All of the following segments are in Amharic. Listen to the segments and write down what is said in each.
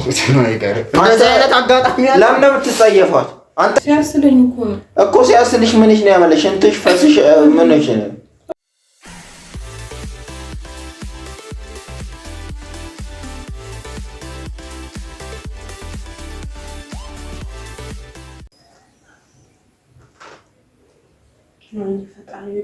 እንደዚህ አይነት አጋጣሚ አለ። ለምን ነው የምትጸየፏት? አንተ ሲያስልኝ እኮ ነው እኮ ሲያስልሽ፣ ምንሽ ነው ያመለሽ? እንትሽ ፈስሽ፣ ምንሽ ነው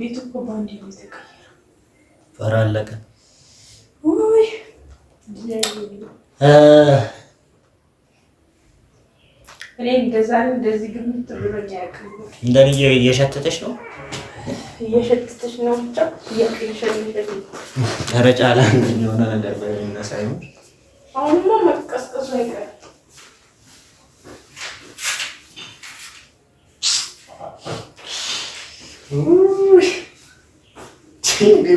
ቤት እኮ በአንድ የተቀየረ ፈራ አለቀ። እኔ እንደዛ እንደዚህ ግምት ብሎኝ አያውቅም። እንደኔ እየሸተተሽ ነው እየሸተተሽ ነው ብቻ እየሸተተሽ ኧረ ጫላ የሆነ ነገር በሚነሳይ አሁንማ መቀስቀሱ አይቀርም።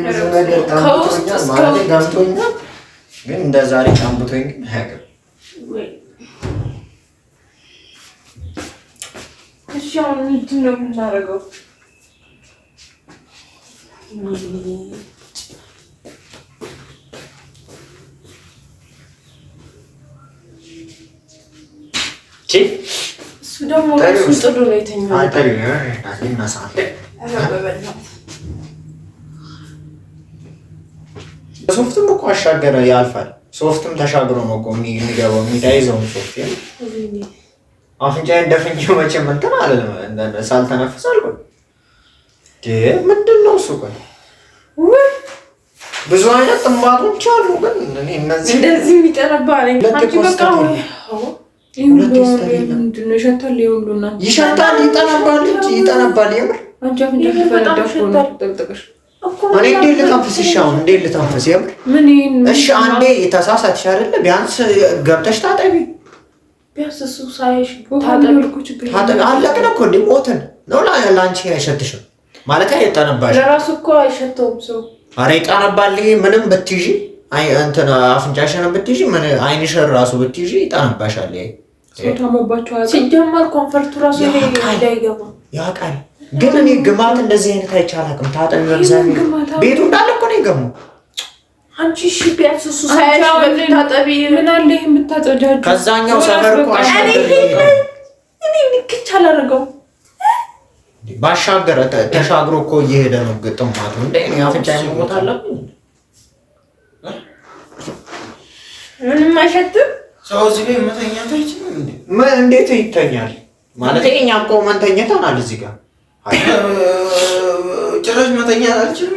ብዙ ነገር ጣምቶኛል ማለት ግን እንደዛሬ ጣምቶኝ ግን አያውቅም። እሺ አሁን ምንድን ነው የምናደርገው? እሱ ደግሞ ጥሩ ነው የተኛው ሶፍትም እኮ አሻገረ ያልፋል። ሶፍትም ተሻግሮ ነው እኮ የሚገባው የሚዳይዘውን ሶፍት አፍንጫዬን ደፍኜ መቼም እንትን አልልም። ሳልተነፍስ አልኩኝ። ምንድን ነው እሱ? ቆይ ብዙ አይነት ጥንባቶች አሉ፣ ግን እነዚህ እንደዚህ የሚጠረባ ይሸታል፣ ይጠነባል እ ይጠነባል። የምር እኔ እንዴት ልተንፍስ? እሺ አሁን እንዴት ልተንፍስ? የምር እሺ፣ አንዴ ተሳሳትሽ አይደለ? ቢያንስ ገብተሽ ታጠቢ ቢያንስ እሱ ሳይሽ አለቅን እኮ እንደ ሞትን ነው። ለአንቺ አይሸትሽም ማለት አይጠነባሽ። ለራሱ እኮ አይሸተውም ሰው። ኧረ ይጠነባል። ምንም ብትይዢ እንትን አፍንጫሽን ብትይዢ ምን አይንሽን ራሱ ብትይዢ ይጠነባሻል። ሲጀመር ኮንፈርቱ ራሱ እንዳይገባ ያውቃል። ግን እኔ ግማት እንደዚህ አይነት አይቻላቅም። ታጠን ቤቱ እንዳለ እኮ ነው የገባው አንቺ እሺ ቢያንስ እሱ ሳያሽ በምታጠቢ ምን አለ ይሄን የምታጸጃቸው ከዛኛው ሰፈር እኮ እኔ ንክች አላደርገው ባሻገረ ተሻግሮ እኮ እየሄደ ነው። ግጥም ማለት ነው። እንዴ እኔ አፍንጫ ሞት አለብኝ። ምንም አይሸትም። ሰው እዚህ ላይ መተኛት አይችልም። እንዴት ይተኛል ማለት እኛ እኮ መተኛታን አለ እዚህ ጋር ጭራሽ መተኛት አልችልም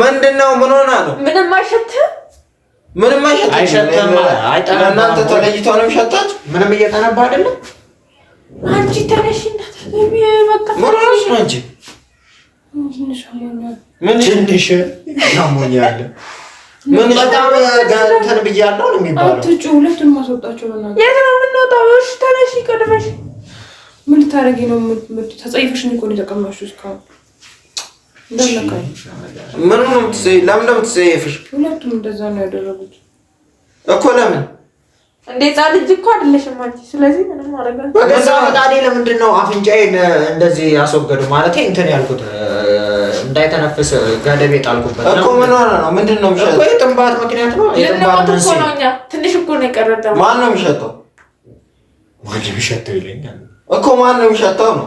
ምንድነው? ምን ሆና ነው? ምንም አይሸትም። ምንም አይሸትም። እናንተ ተለይቶ ነው ሸታች። ምንም እየተነባ አይደለም። አንቺ ተነሽ። ምን ትንሽ ያሞኛል። ምን በጣም እንትን ብያለሁ ነው የሚባለው። ሁለቱን ማስወጣቸው የት ነው የምንወጣው? እሺ ተነሽ። ይቀድመሽ። ምን ታደርጊ ነው? ተጸይፈሽ ነው እኮ ነው የተቀማሽው እስካሁን ምን ነው ለምን ነው የምትጸየፍሽ? ሁለቱም እንደዛ ነው ያደረጉት እኮ ለምን እንደ ሕፃን ልጅ እኮ አይደለሽም አንቺ። ስለዚህ ምንም ማድረግ በገዛ ፈቃዴ ለምንድን ነው አፍንጫዬን እንደዚህ ያስወገዱ? ማለት እንትን ያልኩት እንዳይተነፍስ ገደብ የጣልኩበት እኮ ምን ሆነ ነው? ምንድን ነው የሚሸጠው የጥንባት ምክንያት ነው። የጥንባት እኮ ነው። እኛ ትንሽ እኮ ነው የቀረው። ማን ነው የሚሸጠው? ማን የሚሸጠው ይለኛል እኮ ማን ነው የሚሸጠው ነው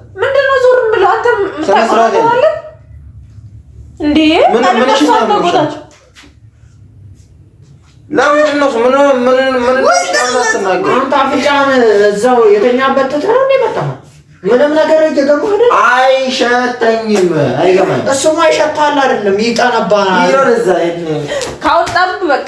ምንድን ነው ዞር የምለው? አንተ ታውቀዋለህ እንዴ? እዛው የተኛበት ትተህ ነው የመጣኸው? ምንም ነገር እየገባህ አይሸተኝም፣ አይገባኝም። እሱማ ይሸታል አይደለም፣ ይጠነባናል። ካወጣብህ በቃ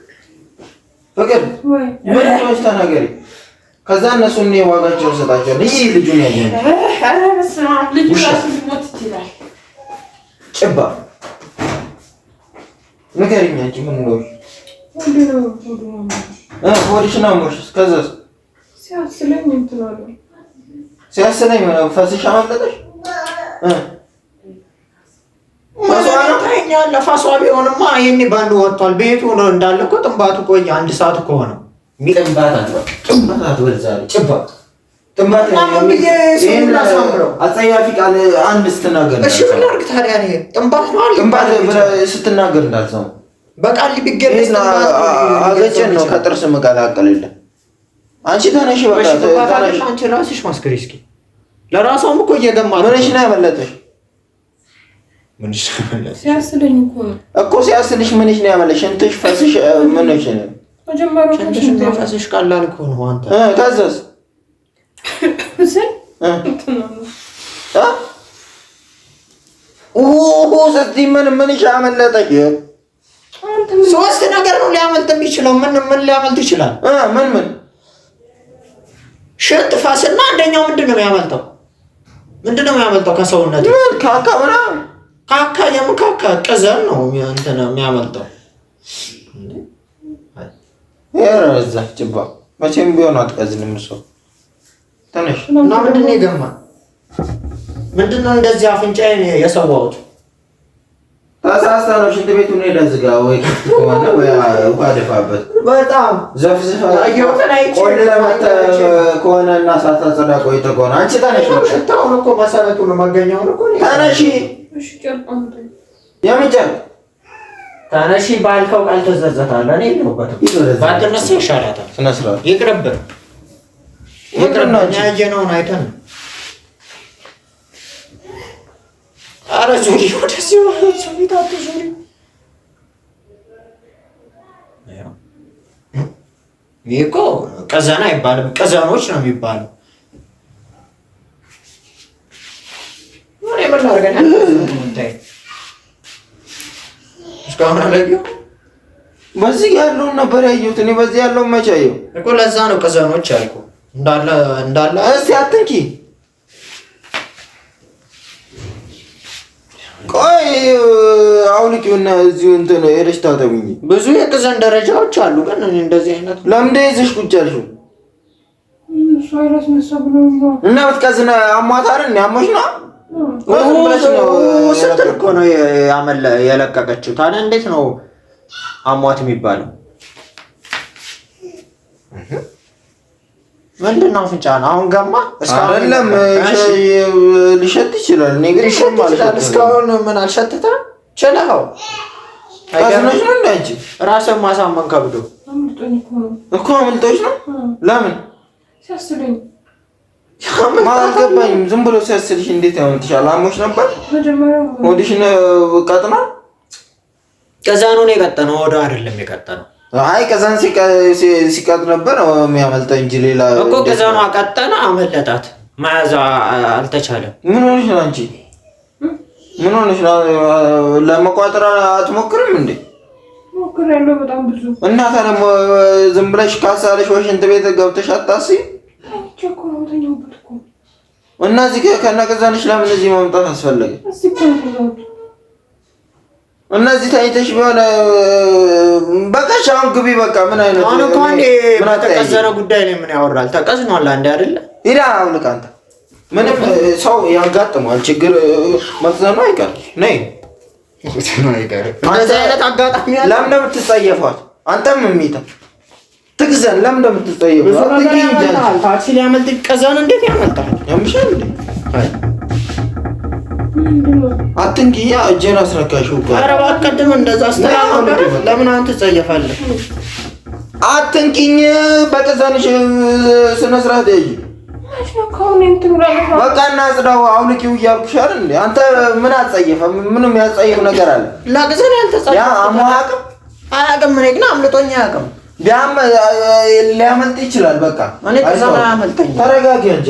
ፍቅር ምን ነው ተናገሪ። ከዛ እነሱ እኔ ዋጋቸውን ሰጣቸዋለሁ። ይህ ልጁን ያየነው ጭባ ንገሪኝ፣ አንቺ ምን ነው ሆድሽን አሞሽ ከዛ ሲያስለኝ ፈስሽ አመለጠሽ ተኛለ ፋሷ ቢሆንማ ይሄኔ ባንዱ ወጥቷል። ቤቱ ነው እንዳለ እኮ ጥንባቱ ቆየ አንድ ሰዓት እኮ ሆነ። አጸያፊ ቃል አንድ ስትናገር እሺ ምን ላድርግ ታዲያ? ጥንባት ስትናገር እንዳትሰሙ በቃል ቢገለጽ አገጭን ነው ከጥርስ መቀላቀልልን አንቺ ተነሽ፣ በቃ ተነሽ። አንቺ ራስሽ ማስከሪ እስኪ ለራሷም እኮ እየገማ ምንሽ ነው ያመለጠሽ? እኮ ሲያስልሽ ምንሽ ነው ያመለሽ? ሽንትሽ ፈስሽ ምንሽ ነው? መጀመሪያ ፈስሽ ቀላል እኮ ነው። አንተ ታዘዝ ስትይ ምን ምንሽ አመለጠሽ? ሶስት ነገር ነው ሊያመልጥ የሚችለው። ምን ምን ሊያመልጥ ይችላል? ምን ምን ሽንት ፈስና አንደኛው ምንድን ነው የሚያመልጠው? ምንድን ነው የሚያመልጠው ከሰውነት ካካ የምካካ ቅዘን ነው እንትን የሚያመልጠው። ረዛ ጭባ መቼም ቢሆን አትቀዝንም። ሰው ትንሽ እና ምንድን ነው የገማ ምንድን ነው እንደዚህ አፍንጫዬን የሰዋሁት አሳስታ ነው ሽንት ቤቱ ሄዳ ዝጋ ወይ ክፍት ከሆነ ውሃ ደፋበት። በጣም ዘፍዝፈ ከሆነ እና ሳታ ጸዳ ቆይተ ከሆነ አንቺ ተነሽ፣ ሽታውን እኮ መሰረቱን መገኛውን እኮ ተነሺ፣ የምጨር ተነሺ ባልከው ቃል ትዘዘታለህ። እኔ የለሁበትም። ባትነሳ ይሻላታል። ስነ ስርዓት ይቅርብን፣ ይቅርብን። ያየነውን አይተን አረ ዙሪ ወደዚ ዙሪ ዙሪ ይህ እኮ ቀዘን አይባልም፣ ቀዘኖች ነው የሚባለው። ምን ላድርገን እስካሁን አላየሁም። በዚህ ያለውን ነበር ያየሁት እኔ በዚህ ያለውን መቼ አየሁ እኮ። ለዛ ነው ቀዘኖች ያልኩህ እንዳለ እንዳለ። እስኪ አትንኪ ቆይ አውልቂውና እዚሁ እንትን ሄደሽ ታጠቢኝ። ብዙ የቅዘን ደረጃዎች አሉ፣ ግን እንደዚህ አይነት ለምንድን ይዘሽ ቁጭ ያልሽው? እና ብትቀዝነ አሟታር አሞሽ ነው ስትል እኮ ነው የለቀቀችው። ታዲያ እንዴት ነው አሟት የሚባለው? ምንድን ነው አፍንጫህን? አሁን ገማ አይደለም ሊሸት ይችላል። እኔ ግን ሸት ይችላል። እስካሁን ምን አልሸትተህ ችለኸው ራስህን ማሳመን ከብዶ እኮ አምልጦች ነው። ለምን አልገባኝም። ዝም ብሎ ሲያስልሽ እንዴት ያምልጥሻል? አሞሽ ነበር ሆድሽ ቀጥና፣ ከዛ ነው የቀጠነው። ወደ አይደለም የቀጠነው አይ ከዛን ሲቀጥ ነበር የሚያመልጠ እንጂ ሌላ እኮ ከዛኑ አቀጠነ አመለጣት። መያዝ አልተቻለም። ምን ሆነሽ ነው አንቺ? ምን ሆነሽ ነው? ለመቋጠር አትሞክርም እንዴ? ሞክሬያለሁ በጣም ብዙ። እና ታዲያ ዝም ብለሽ ካሳለሽ ወሽንት ቤት ገብተሽ አታስይም? እና እዚህ ከእነ ከዛንሽ ለምን እዚህ መምጣት አስፈለገ? እነዚህ ታይተሽ ቢሆን በቃ አሁን ግቢ በቃ። ምን አይነት አሁን እንኳን በተቀዘረ ጉዳይ ነው። ምን ያወራል? ተቀዝኗል። አንዴ አይደለ ይላ አሁን ካንተ ምንም ሰው ያጋጥመዋል ችግር። መቅዘኑ አይቀርም። ነይ አንተ አይነት ያለ ለምን የምትጸየፈዋል? አንተም ትግዘን ለምን እንደምትጸየፈው ታክሲ ሊያመልጥ እንዴት ያመልጣል? ያምሻል እንዴ? አትንኪ። እጄን አስረካሽው። ኧረ ባትቀድም እንደዛ አስተላመደ። ለምን አንተ ትጸየፋለህ? አትንኪኝ። በቅዘንሽ ስነ ስርዓት ያይ በቃ እናጽዳው። አውልቂው እያልኩሽ አይደል? አንተ ምን አጸየፈ? ምንም ያጸየፍ ነገር አለ? ለቅዘን ያልተጸየፈ አቅም አያውቅም። እኔ ግን አምልጦኝ አያውቅም። ቢያም ሊያመልጥ ይችላል። በቃ እኔ ተረጋጊ እንጂ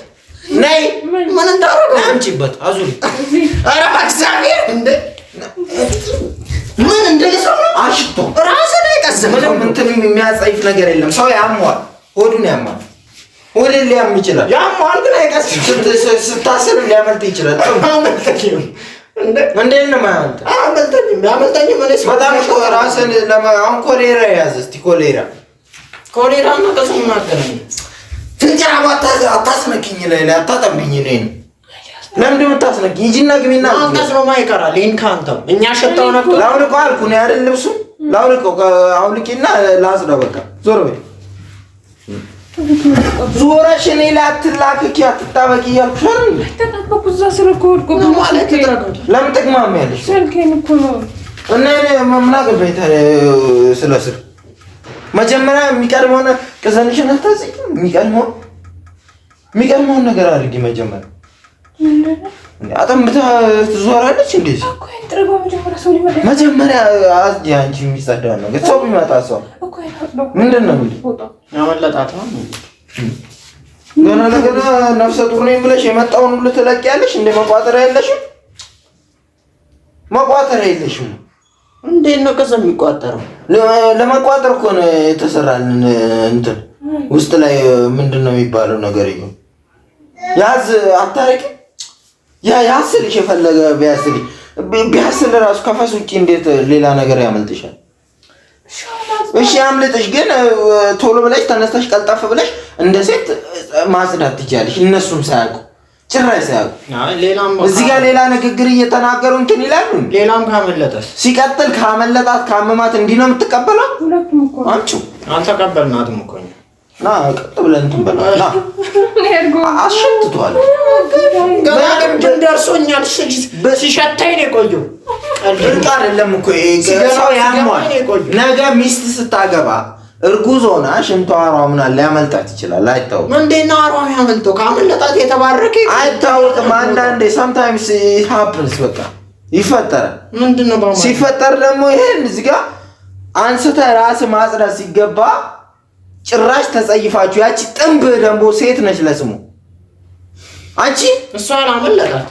ነይ ምን እንዳደረገ አምጪበት። አዙሪ ኧረ በእግዚአብሔር እንደ ምን እንደሰው አሽቶ ራስ ላይ ቀዘም እንትንም የሚያጸይፍ ነገር የለም። ሰው ያሟል፣ ሆዱን ያሟል፣ ሆድን ሊያም ይችላል። ያሟል ግን አይቀስም። ስታስር ሊያመልጥ ይችላል። እንዴት ነው ማያመልጥ? አያመልጠኝም፣ ያመልጠኝም በጣም እኮ ራስን አሁን ኮሌራ የያዘ እስቲ ኮሌራ ኮሌራ እና ፍንጀራ አታስነኪኝ ላይ ላይ አታጠብኝ ነው ለምንድን የምታስነኪኝ? ሂጂና ግቢና ቀስበማ ይቀራል። ይህን ከአንተም እኛ ሸጣው ነበር። ላውልቀው አልኩህ ነው አይደል? ልብሱ ላውልቀው አውልቂና ላጽዳው። በቃ ዞር በይ ዞረሽ እኔ ላይ አትላክኪ፣ አትጣበቂ እያልኩሽ አይደል? እዛ ስር እኮ ወድቆ ማለት ለምን ትግማሚያለሽ? ስልኬን እኮ ነው እና ምን አገባኝ ስለ ስር መጀመሪያ የሚቀድመው ከዛ ልጅን አታዘኝ። የሚቀልመውን የሚቀልመውን ነገር አድርጊ። መጀመር አጠምታ ትዞራለች። እንዴት መጀመሪያ አንቺ የሚጸዳ ነው። ሰው ቢመጣ ሰው ምንድን ነው ገና ለገና ነፍሰ ጡር ነኝ ብለሽ የመጣውን ሁሉ ትለቅ ያለሽ እንደ መቋጠሪያ የለሽም፣ መቋጠሪያ የለሽም። እንዴት ነው ከዛ የሚቋጠረው? ለመቋጠር እኮ ነው የተሰራልን። እንትን ውስጥ ላይ ምንድን ነው የሚባለው ነገር ይሁን ያዝ አታረቂ ያ ያስልሽ የፈለገ ቢያስል ቢያስል ራሱ ከፈስ ውጭ እንዴት ሌላ ነገር ያመልጥሻል? እሺ ያምልጥሽ፣ ግን ቶሎ ብለሽ ተነስተሽ ቀልጣፍ ብለሽ እንደ ሴት ማጽዳት ትችያለሽ እነሱም ሳያውቁ ጭራሽ እዚህ ጋር ሌላ ንግግር እየተናገሩ እንትን ይላሉ። ሌላም ካመለጠስ ሲቀጥል ካመለጣት ካመማት እንዲህ ነው የምትቀበለው። አንቺ አልተቀበልናትም እኮ ና ቀጥ ብለን እንትን በላት ና አሸትቷል። ገና ቅድም ደርሶኛል። ሲሸታኝ ነው የቆየው። ብርቅ አይደለም እኮ ነገ ሚስት ስታገባ እርጉዝ ሆና ሽንቷ አሯም ናት። ሊያመልጣት ይችላል፣ አይታወቅም። እንዴት ነው አሯ ያመልጠው? ካመለጣት የተባረከ አይታወቅም። አንዳንዴ ሳምታይምስ ሀፕንስ በቃ ይፈጠራል። ምንድን ነው ሲፈጠር ደግሞ ይሄን እዚህ ጋር አንስተህ ራስህ ማጽዳት ሲገባ ጭራሽ ተጸይፋችሁ። ያቺ ጥንብ ደግሞ ሴት ነች ለስሙ አንቺ እሷን አመለጣት።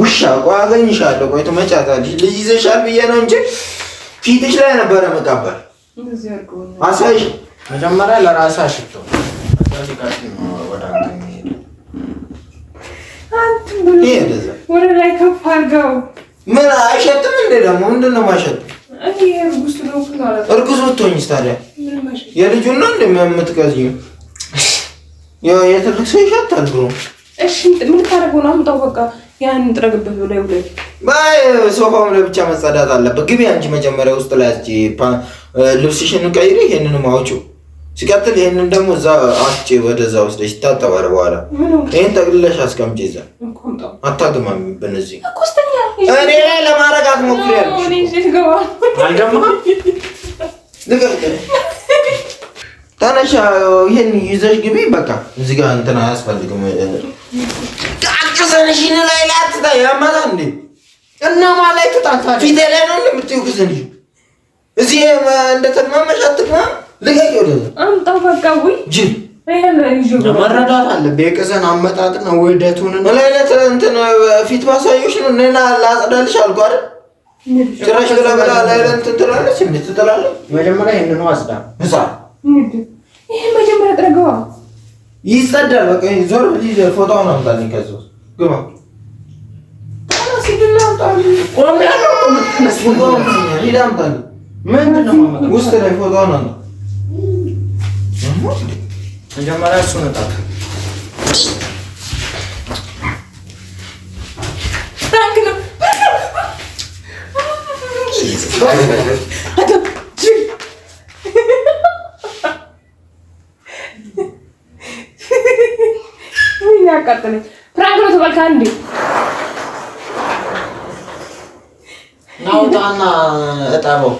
ውሻ ቆይ አገኝሻለሁ፣ ቆይ ትመጫታለሽ። ልጅ ይዘሻል ብዬ ነው እንጂ ፊትሽ ላይ ነበረ መቃበር አሳይሽ መጀመሪያ ለራሳ ሽቶ ወደ ላይ ከፍ አድርገው። ምን አይሸጥም እንደ ደግሞ ምንድን ነው የማይሸጥም? እርጉዝ ብትሆኝስ ታዲያ የልጁን ነው እንደምትቀዝኝ? የትልቅ ሰው ይሸጣል። እሺ ምን ታደርገው ነው? አምጣው በቃ ያን ጥረግበት ብለ ብለ ባይ ሶፋውም ለብቻ መጸዳት አለበት። ግቢ አንቺ መጀመሪያ ውስጥ ላይ አስጪ፣ ልብስሽን ቀይሪ፣ ይሄንን ማውጪ። ሲቀጥል ይሄንን ደግሞ እዛ አስጪ፣ ወደዛ ወስደሽ ይታጠባል። በኋላ ይሄን ጠቅልለሽ አስቀምጪ። እዛ አታግማም። በነዚህ እኔ ላይ ለማድረግ አትሞክሪ ያልኩሽ ተነሻ፣ ይሄን ይዘሽ ግቢ። በቃ እዚህ ጋር እንትን አያስፈልግም። ግዘንሽን ላይ ላትታ ያመጣ እንዴ እና ማላይ ትጣታ ፊቴ ላይ ነው የምትዩ ግዘንሽ እዚህ እንደተማመሽ አትማ ልቀቂ ወደ አምጣው በቃ ወይ ጅል መረዳት አለብህ። የቅዘን ውህደቱን እንትን ፊት ማሳዮች ነው እና ላጽዳልሽ አልኩ አይደል ጭራሽ ብላ እንትን ትላለች ትጥላለች። መጀመሪያ ይህን አጽዳ ይህ መጀመሪያ ጥረገዋ ይጸዳል። በቃ ዞር ፎቶውን አምጣልኝ ከዚያ ግባ ውስጥ ላይ ፎቶ ነው። መጀመሪያ እሱ ነጣ ያቃጥለኝ ፕራንክ ነው ተባልካ እንዴ? ናውጣና እጠበው